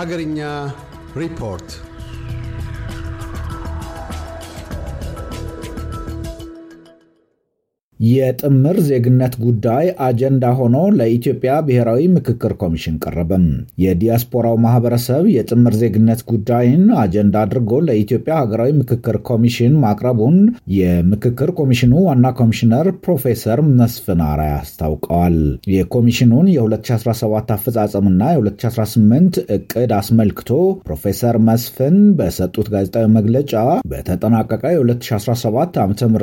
Hagarinya Report የጥምር ዜግነት ጉዳይ አጀንዳ ሆኖ ለኢትዮጵያ ብሔራዊ ምክክር ኮሚሽን ቀረበም። የዲያስፖራው ማህበረሰብ የጥምር ዜግነት ጉዳይን አጀንዳ አድርጎ ለኢትዮጵያ ሀገራዊ ምክክር ኮሚሽን ማቅረቡን የምክክር ኮሚሽኑ ዋና ኮሚሽነር ፕሮፌሰር መስፍን አራያ አስታውቀዋል። የኮሚሽኑን የ2017 አፈጻጸምና የ2018 እቅድ አስመልክቶ ፕሮፌሰር መስፍን በሰጡት ጋዜጣዊ መግለጫ በተጠናቀቀ የ2017 ዓ ም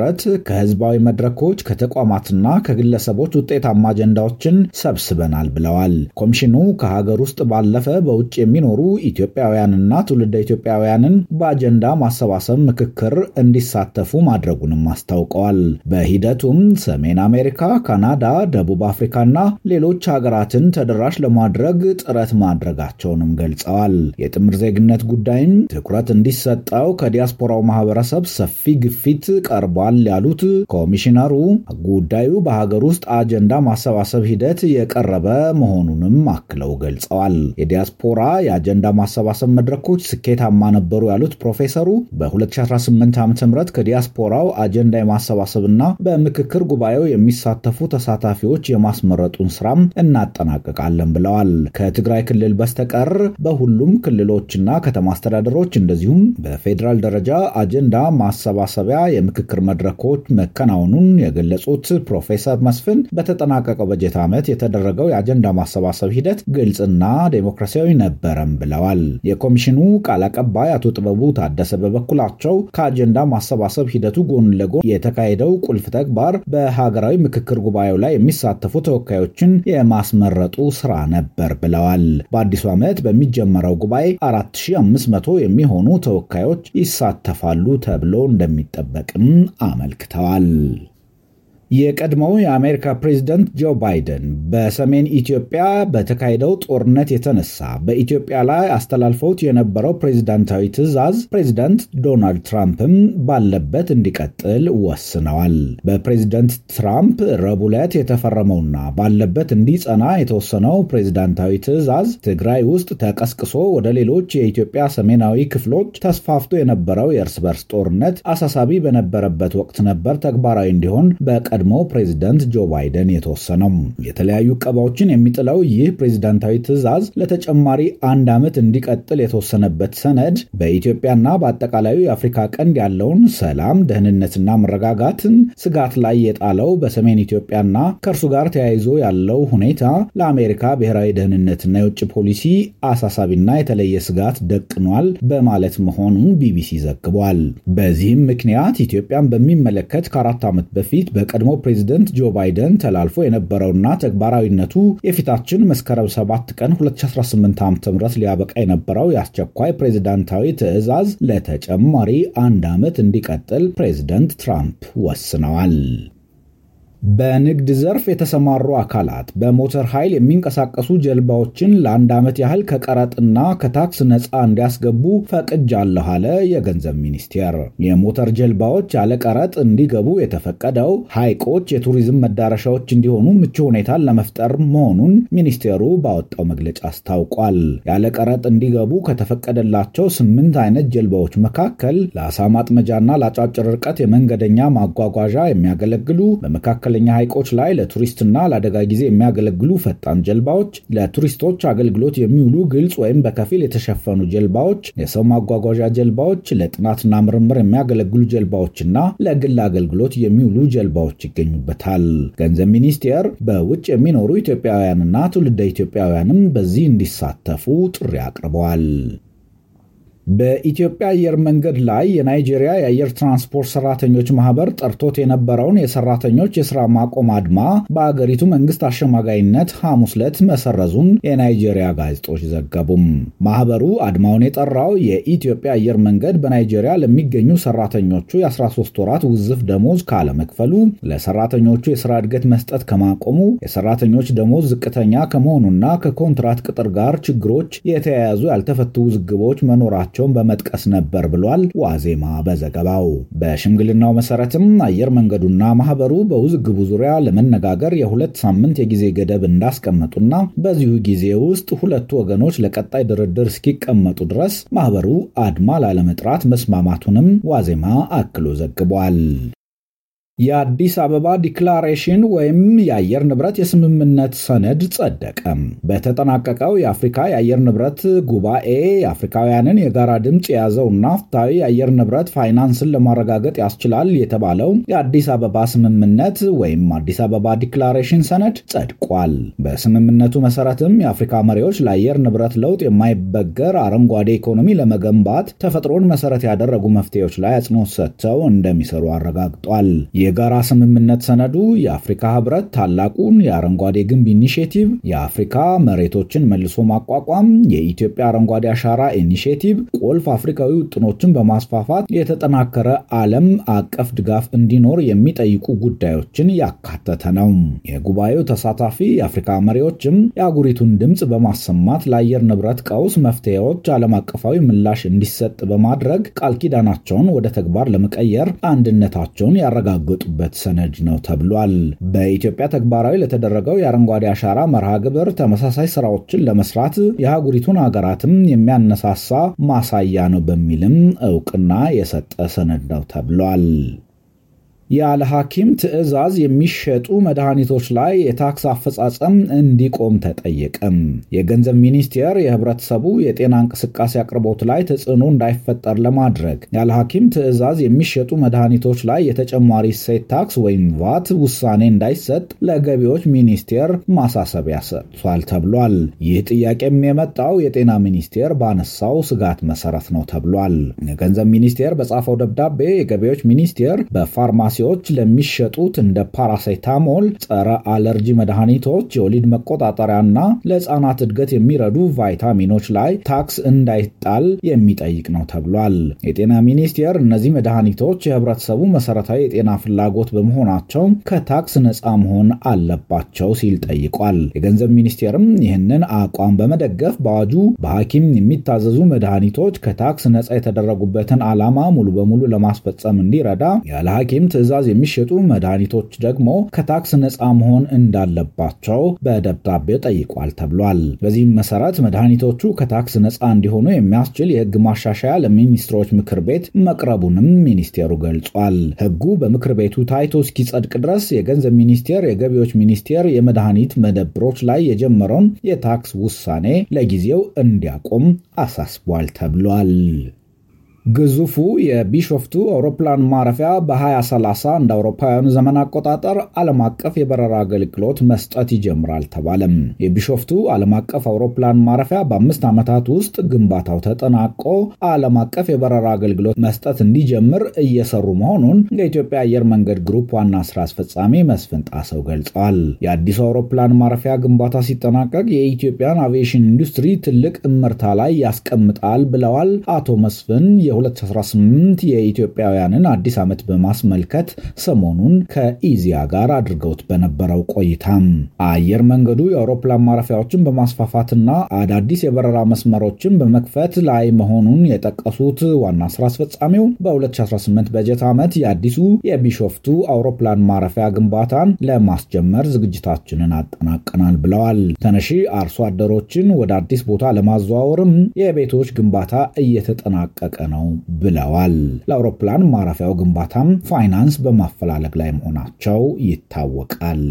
ከህዝባዊ መድረኮች ከተቋማትና ከግለሰቦች ውጤታማ አጀንዳዎችን ሰብስበናል ብለዋል። ኮሚሽኑ ከሀገር ውስጥ ባለፈ በውጭ የሚኖሩ ኢትዮጵያውያንና ትውልደ ኢትዮጵያውያንን በአጀንዳ ማሰባሰብ ምክክር እንዲሳተፉ ማድረጉንም አስታውቀዋል። በሂደቱም ሰሜን አሜሪካ፣ ካናዳ፣ ደቡብ አፍሪካና ሌሎች ሀገራትን ተደራሽ ለማድረግ ጥረት ማድረጋቸውንም ገልጸዋል። የጥምር ዜግነት ጉዳይም ትኩረት እንዲሰጠው ከዲያስፖራው ማህበረሰብ ሰፊ ግፊት ቀርቧል ያሉት ኮሚሽነሩ ጉዳዩ በሀገር ውስጥ አጀንዳ ማሰባሰብ ሂደት የቀረበ መሆኑንም አክለው ገልጸዋል። የዲያስፖራ የአጀንዳ ማሰባሰብ መድረኮች ስኬታማ ነበሩ ያሉት ፕሮፌሰሩ በ2018 ዓ.ም ከዲያስፖራው አጀንዳ የማሰባሰብና በምክክር ጉባኤው የሚሳተፉ ተሳታፊዎች የማስመረጡን ስራም እናጠናቅቃለን ብለዋል። ከትግራይ ክልል በስተቀር በሁሉም ክልሎችና ከተማ አስተዳደሮች እንደዚሁም በፌዴራል ደረጃ አጀንዳ ማሰባሰቢያ የምክክር መድረኮች መከናወኑን የገለ የገለጹት ፕሮፌሰር መስፍን በተጠናቀቀው በጀት ዓመት የተደረገው የአጀንዳ ማሰባሰብ ሂደት ግልጽና ዴሞክራሲያዊ ነበረም ብለዋል። የኮሚሽኑ ቃል አቀባይ አቶ ጥበቡ ታደሰ በበኩላቸው ከአጀንዳ ማሰባሰብ ሂደቱ ጎን ለጎን የተካሄደው ቁልፍ ተግባር በሀገራዊ ምክክር ጉባኤው ላይ የሚሳተፉ ተወካዮችን የማስመረጡ ስራ ነበር ብለዋል። በአዲሱ ዓመት በሚጀመረው ጉባኤ 4500 የሚሆኑ ተወካዮች ይሳተፋሉ ተብሎ እንደሚጠበቅም አመልክተዋል። የቀድሞው የአሜሪካ ፕሬዝደንት ጆ ባይደን በሰሜን ኢትዮጵያ በተካሄደው ጦርነት የተነሳ በኢትዮጵያ ላይ አስተላልፈውት የነበረው ፕሬዝዳንታዊ ትዕዛዝ ፕሬዝዳንት ዶናልድ ትራምፕም ባለበት እንዲቀጥል ወስነዋል። በፕሬዝደንት ትራምፕ ረቡዕ ዕለት የተፈረመውና ባለበት እንዲጸና የተወሰነው ፕሬዝዳንታዊ ትዕዛዝ ትግራይ ውስጥ ተቀስቅሶ ወደ ሌሎች የኢትዮጵያ ሰሜናዊ ክፍሎች ተስፋፍቶ የነበረው የእርስ በርስ ጦርነት አሳሳቢ በነበረበት ወቅት ነበር ተግባራዊ እንዲሆን በቀ በቀድሞ ፕሬዚደንት ጆ ባይደን የተወሰነው። የተለያዩ ቀባዎችን የሚጥለው ይህ ፕሬዚዳንታዊ ትዕዛዝ ለተጨማሪ አንድ ዓመት እንዲቀጥል የተወሰነበት ሰነድ በኢትዮጵያና በአጠቃላዩ የአፍሪካ ቀንድ ያለውን ሰላም፣ ደህንነትና መረጋጋትን ስጋት ላይ የጣለው በሰሜን ኢትዮጵያና ከእርሱ ጋር ተያይዞ ያለው ሁኔታ ለአሜሪካ ብሔራዊ ደህንነትና የውጭ ፖሊሲ አሳሳቢና የተለየ ስጋት ደቅኗል በማለት መሆኑን ቢቢሲ ዘግቧል። በዚህም ምክንያት ኢትዮጵያን በሚመለከት ከአራት ዓመት በፊት በቀድሞ የቀድሞ ፕሬዚደንት ጆ ባይደን ተላልፎ የነበረውና ተግባራዊነቱ የፊታችን መስከረም 7 ቀን 2018 ዓ.ም ሊያበቃ የነበረው የአስቸኳይ ፕሬዚዳንታዊ ትዕዛዝ ለተጨማሪ አንድ ዓመት እንዲቀጥል ፕሬዚደንት ትራምፕ ወስነዋል። በንግድ ዘርፍ የተሰማሩ አካላት በሞተር ኃይል የሚንቀሳቀሱ ጀልባዎችን ለአንድ ዓመት ያህል ከቀረጥና ከታክስ ነፃ እንዲያስገቡ ፈቅጃለሁ አለ የገንዘብ ሚኒስቴር። የሞተር ጀልባዎች ያለ ቀረጥ እንዲገቡ የተፈቀደው ሐይቆች የቱሪዝም መዳረሻዎች እንዲሆኑ ምቹ ሁኔታን ለመፍጠር መሆኑን ሚኒስቴሩ ባወጣው መግለጫ አስታውቋል። ያለ ቀረጥ እንዲገቡ ከተፈቀደላቸው ስምንት አይነት ጀልባዎች መካከል ለአሳ ማጥመጃና ለአጫጭር ርቀት የመንገደኛ ማጓጓዣ የሚያገለግሉ በመካከል መካከለኛ ሐይቆች ላይ ለቱሪስትና ለአደጋ ጊዜ የሚያገለግሉ ፈጣን ጀልባዎች፣ ለቱሪስቶች አገልግሎት የሚውሉ ግልጽ ወይም በከፊል የተሸፈኑ ጀልባዎች፣ የሰው ማጓጓዣ ጀልባዎች፣ ለጥናትና ምርምር የሚያገለግሉ ጀልባዎችና ለግል አገልግሎት የሚውሉ ጀልባዎች ይገኙበታል። ገንዘብ ሚኒስቴር በውጭ የሚኖሩ ኢትዮጵያውያንና ትውልደ ኢትዮጵያውያንም በዚህ እንዲሳተፉ ጥሪ አቅርበዋል። በኢትዮጵያ አየር መንገድ ላይ የናይጄሪያ የአየር ትራንስፖርት ሰራተኞች ማህበር ጠርቶት የነበረውን የሰራተኞች የስራ ማቆም አድማ በአገሪቱ መንግስት አሸማጋይነት ሐሙስ ዕለት መሰረዙን የናይጄሪያ ጋዜጦች ዘገቡም። ማህበሩ አድማውን የጠራው የኢትዮጵያ አየር መንገድ በናይጄሪያ ለሚገኙ ሰራተኞቹ የ13 ወራት ውዝፍ ደሞዝ ካለመክፈሉ፣ ለሰራተኞቹ የስራ እድገት መስጠት ከማቆሙ፣ የሰራተኞች ደሞዝ ዝቅተኛ ከመሆኑና ከኮንትራት ቅጥር ጋር ችግሮች የተያያዙ ያልተፈቱ ውዝግቦች መኖራቸው መሆናቸውን በመጥቀስ ነበር ብሏል ዋዜማ በዘገባው። በሽምግልናው መሰረትም አየር መንገዱና ማህበሩ በውዝግቡ ዙሪያ ለመነጋገር የሁለት ሳምንት የጊዜ ገደብ እንዳስቀመጡና በዚሁ ጊዜ ውስጥ ሁለቱ ወገኖች ለቀጣይ ድርድር እስኪቀመጡ ድረስ ማህበሩ አድማ ላለመጥራት መስማማቱንም ዋዜማ አክሎ ዘግቧል። የአዲስ አበባ ዲክላሬሽን ወይም የአየር ንብረት የስምምነት ሰነድ ጸደቀ። በተጠናቀቀው የአፍሪካ የአየር ንብረት ጉባኤ የአፍሪካውያንን የጋራ ድምፅ የያዘውና ፍትሐዊ የአየር ንብረት ፋይናንስን ለማረጋገጥ ያስችላል የተባለው የአዲስ አበባ ስምምነት ወይም አዲስ አበባ ዲክላሬሽን ሰነድ ጸድቋል። በስምምነቱ መሰረትም የአፍሪካ መሪዎች ለአየር ንብረት ለውጥ የማይበገር አረንጓዴ ኢኮኖሚ ለመገንባት ተፈጥሮን መሰረት ያደረጉ መፍትሄዎች ላይ አጽንኦት ሰጥተው እንደሚሰሩ አረጋግጧል። የጋራ ስምምነት ሰነዱ የአፍሪካ ህብረት ታላቁን የአረንጓዴ ግንብ ኢኒሽቲቭ፣ የአፍሪካ መሬቶችን መልሶ ማቋቋም፣ የኢትዮጵያ አረንጓዴ አሻራ ኢኒሽቲቭ ቁልፍ አፍሪካዊ ውጥኖችን በማስፋፋት የተጠናከረ ዓለም አቀፍ ድጋፍ እንዲኖር የሚጠይቁ ጉዳዮችን ያካተተ ነው። የጉባኤው ተሳታፊ የአፍሪካ መሪዎችም የአጉሪቱን ድምፅ በማሰማት ለአየር ንብረት ቀውስ መፍትሄዎች ዓለም አቀፋዊ ምላሽ እንዲሰጥ በማድረግ ቃል ኪዳናቸውን ወደ ተግባር ለመቀየር አንድነታቸውን ያረጋግጡ የሚለወጡበት ሰነድ ነው ተብሏል። በኢትዮጵያ ተግባራዊ ለተደረገው የአረንጓዴ አሻራ መርሃ ግብር ተመሳሳይ ስራዎችን ለመስራት የሀጉሪቱን ሀገራትም የሚያነሳሳ ማሳያ ነው በሚልም እውቅና የሰጠ ሰነድ ነው ተብሏል። ያለ ሐኪም ትዕዛዝ የሚሸጡ መድኃኒቶች ላይ የታክስ አፈጻጸም እንዲቆም ተጠየቀም። የገንዘብ ሚኒስቴር የህብረተሰቡ የጤና እንቅስቃሴ አቅርቦት ላይ ተጽዕኖ እንዳይፈጠር ለማድረግ ያለ ሐኪም ትዕዛዝ የሚሸጡ መድኃኒቶች ላይ የተጨማሪ እሴት ታክስ ወይም ቫት ውሳኔ እንዳይሰጥ ለገቢዎች ሚኒስቴር ማሳሰቢያ ሰጥቷል ተብሏል። ይህ ጥያቄም የመጣው የጤና ሚኒስቴር ባነሳው ስጋት መሰረት ነው ተብሏል። የገንዘብ ሚኒስቴር በጻፈው ደብዳቤ የገቢዎች ሚኒስቴር በፋርማሲ ፋርማሲዎች ለሚሸጡት እንደ ፓራሴታሞል፣ ጸረ አለርጂ መድኃኒቶች፣ የወሊድ መቆጣጠሪያና ለህፃናት እድገት የሚረዱ ቫይታሚኖች ላይ ታክስ እንዳይጣል የሚጠይቅ ነው ተብሏል። የጤና ሚኒስቴር እነዚህ መድኃኒቶች የህብረተሰቡ መሰረታዊ የጤና ፍላጎት በመሆናቸው ከታክስ ነፃ መሆን አለባቸው ሲል ጠይቋል። የገንዘብ ሚኒስቴርም ይህንን አቋም በመደገፍ በአዋጁ በሐኪም የሚታዘዙ መድኃኒቶች ከታክስ ነፃ የተደረጉበትን ዓላማ ሙሉ በሙሉ ለማስፈጸም እንዲረዳ ያለ ሐኪም ትዕዛዝ የሚሸጡ መድኃኒቶች ደግሞ ከታክስ ነፃ መሆን እንዳለባቸው በደብዳቤው ጠይቋል ተብሏል። በዚህም መሰረት መድኃኒቶቹ ከታክስ ነፃ እንዲሆኑ የሚያስችል የህግ ማሻሻያ ለሚኒስትሮች ምክር ቤት መቅረቡንም ሚኒስቴሩ ገልጿል። ህጉ በምክር ቤቱ ታይቶ እስኪጸድቅ ድረስ የገንዘብ ሚኒስቴር፣ የገቢዎች ሚኒስቴር የመድኃኒት መደብሮች ላይ የጀመረውን የታክስ ውሳኔ ለጊዜው እንዲያቆም አሳስቧል ተብሏል። ግዙፉ የቢሾፍቱ አውሮፕላን ማረፊያ በ2030 እንደ አውሮፓውያኑ ዘመን አቆጣጠር ዓለም አቀፍ የበረራ አገልግሎት መስጠት ይጀምራል ተባለም። የቢሾፍቱ ዓለም አቀፍ አውሮፕላን ማረፊያ በአምስት ዓመታት ውስጥ ግንባታው ተጠናቆ ዓለም አቀፍ የበረራ አገልግሎት መስጠት እንዲጀምር እየሰሩ መሆኑን የኢትዮጵያ አየር መንገድ ግሩፕ ዋና ስራ አስፈጻሚ መስፍን ጣሰው ገልጸዋል። የአዲሱ አውሮፕላን ማረፊያ ግንባታ ሲጠናቀቅ የኢትዮጵያን አቪዬሽን ኢንዱስትሪ ትልቅ እምርታ ላይ ያስቀምጣል ብለዋል አቶ መስፍን የ 2018 የኢትዮጵያውያንን አዲስ ዓመት በማስመልከት ሰሞኑን ከኢዚያ ጋር አድርገውት በነበረው ቆይታም አየር መንገዱ የአውሮፕላን ማረፊያዎችን በማስፋፋትና አዳዲስ የበረራ መስመሮችን በመክፈት ላይ መሆኑን የጠቀሱት ዋና ስራ አስፈጻሚው በ2018 በጀት ዓመት የአዲሱ የቢሾፍቱ አውሮፕላን ማረፊያ ግንባታን ለማስጀመር ዝግጅታችንን አጠናቀናል ብለዋል። ተነሺ አርሶ አደሮችን ወደ አዲስ ቦታ ለማዘዋወርም የቤቶች ግንባታ እየተጠናቀቀ ነው ነው ብለዋል። ለአውሮፕላን ማረፊያው ግንባታም ፋይናንስ በማፈላለግ ላይ መሆናቸው ይታወቃል።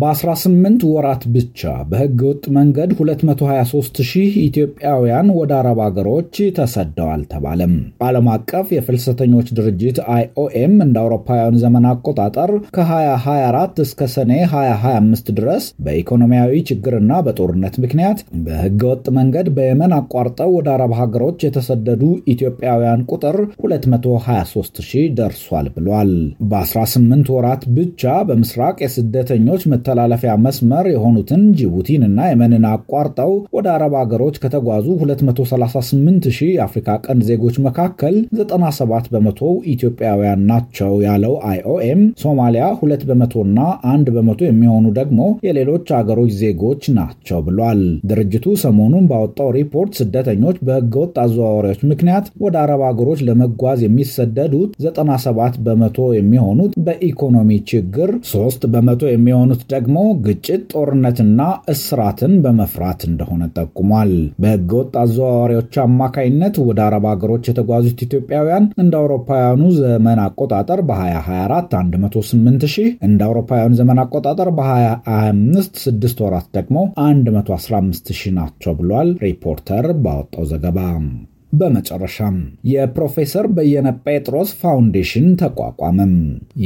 በ18 ወራት ብቻ በሕገ ወጥ መንገድ 223 ሺህ ኢትዮጵያውያን ወደ አረብ አገሮች ተሰደዋል ተባለም። ዓለም አቀፍ የፍልሰተኞች ድርጅት አይኦኤም እንደ አውሮፓውያን ዘመን አቆጣጠር ከ2024 እስከ ሰኔ 2025 ድረስ በኢኮኖሚያዊ ችግርና በጦርነት ምክንያት በሕገ ወጥ መንገድ በየመን አቋርጠው ወደ አረብ ሀገሮች የተሰደዱ ኢትዮጵያውያን ቁጥር 223 ሺህ ደርሷል ብሏል። በ18 ወራት ብቻ በምስራቅ የስደተኞች መተላለፊያ መስመር የሆኑትን ጅቡቲን እና የመንን አቋርጠው ወደ አረብ አገሮች ከተጓዙ 238000 የአፍሪካ ቀንድ ዜጎች መካከል 97 በመቶ ኢትዮጵያውያን ናቸው ያለው አይኦኤም ሶማሊያ ሁለት በመቶና አንድ በመቶ የሚሆኑ ደግሞ የሌሎች አገሮች ዜጎች ናቸው ብሏል። ድርጅቱ ሰሞኑን ባወጣው ሪፖርት ስደተኞች በህገወጥ አዘዋዋሪዎች ምክንያት ወደ አረብ አገሮች ለመጓዝ የሚሰደዱት 97 በመቶ የሚሆኑት በኢኮኖሚ ችግር፣ 3 በመቶ የሚሆኑት ደግሞ ግጭት፣ ጦርነትና እስራትን በመፍራት እንደሆነ ጠቁሟል። በህገወጥ አዘዋዋሪዎች አማካኝነት ወደ አረብ ሀገሮች የተጓዙት ኢትዮጵያውያን እንደ አውሮፓውያኑ ዘመን አቆጣጠር በ2024 108 ሺህ እንደ አውሮፓውያኑ ዘመን አቆጣጠር በ2025 6 ወራት ደግሞ 115 ሺህ ናቸው ብሏል ሪፖርተር ባወጣው ዘገባ። በመጨረሻም የፕሮፌሰር በየነ ጴጥሮስ ፋውንዴሽን ተቋቋመም።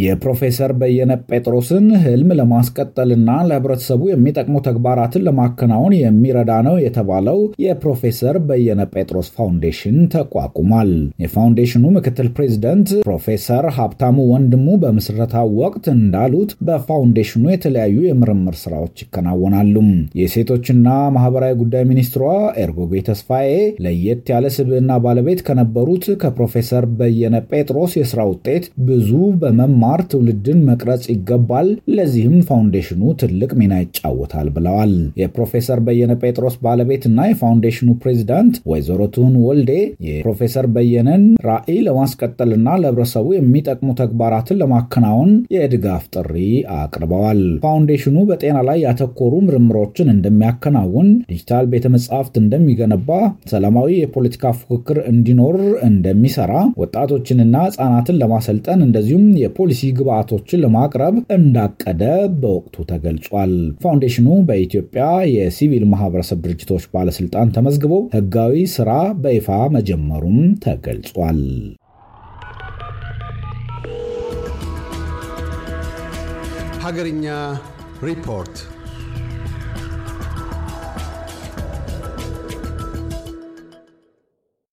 የፕሮፌሰር በየነ ጴጥሮስን ህልም ለማስቀጠልና ለህብረተሰቡ የሚጠቅሙ ተግባራትን ለማከናወን የሚረዳ ነው የተባለው የፕሮፌሰር በየነ ጴጥሮስ ፋውንዴሽን ተቋቁሟል። የፋውንዴሽኑ ምክትል ፕሬዚደንት ፕሮፌሰር ሀብታሙ ወንድሙ በምስረታው ወቅት እንዳሉት በፋውንዴሽኑ የተለያዩ የምርምር ስራዎች ይከናወናሉ። የሴቶችና ማህበራዊ ጉዳይ ሚኒስትሯ ኤርጎጌ ተስፋዬ ለየት ያለ ስብ እና ባለቤት ከነበሩት ከፕሮፌሰር በየነ ጴጥሮስ የስራ ውጤት ብዙ በመማር ትውልድን መቅረጽ ይገባል፣ ለዚህም ፋውንዴሽኑ ትልቅ ሚና ይጫወታል ብለዋል። የፕሮፌሰር በየነ ጴጥሮስ ባለቤትና የፋውንዴሽኑ ፕሬዚዳንት ወይዘሮ ትሁን ወልዴ የፕሮፌሰር በየነን ራዕይ ለማስቀጠልና ለህብረተሰቡ የሚጠቅሙ ተግባራትን ለማከናወን የድጋፍ ጥሪ አቅርበዋል። ፋውንዴሽኑ በጤና ላይ ያተኮሩ ምርምሮችን እንደሚያከናውን፣ ዲጂታል ቤተ መጻሕፍት እንደሚገነባ፣ ሰላማዊ የፖለቲካ ፉክክር እንዲኖር እንደሚሰራ፣ ወጣቶችንና ህጻናትን ለማሰልጠን እንደዚሁም የፖሊሲ ግብዓቶችን ለማቅረብ እንዳቀደ በወቅቱ ተገልጿል። ፋውንዴሽኑ በኢትዮጵያ የሲቪል ማህበረሰብ ድርጅቶች ባለስልጣን ተመዝግቦ ህጋዊ ስራ በይፋ መጀመሩም ተገልጿል። ሀገርኛ ሪፖርት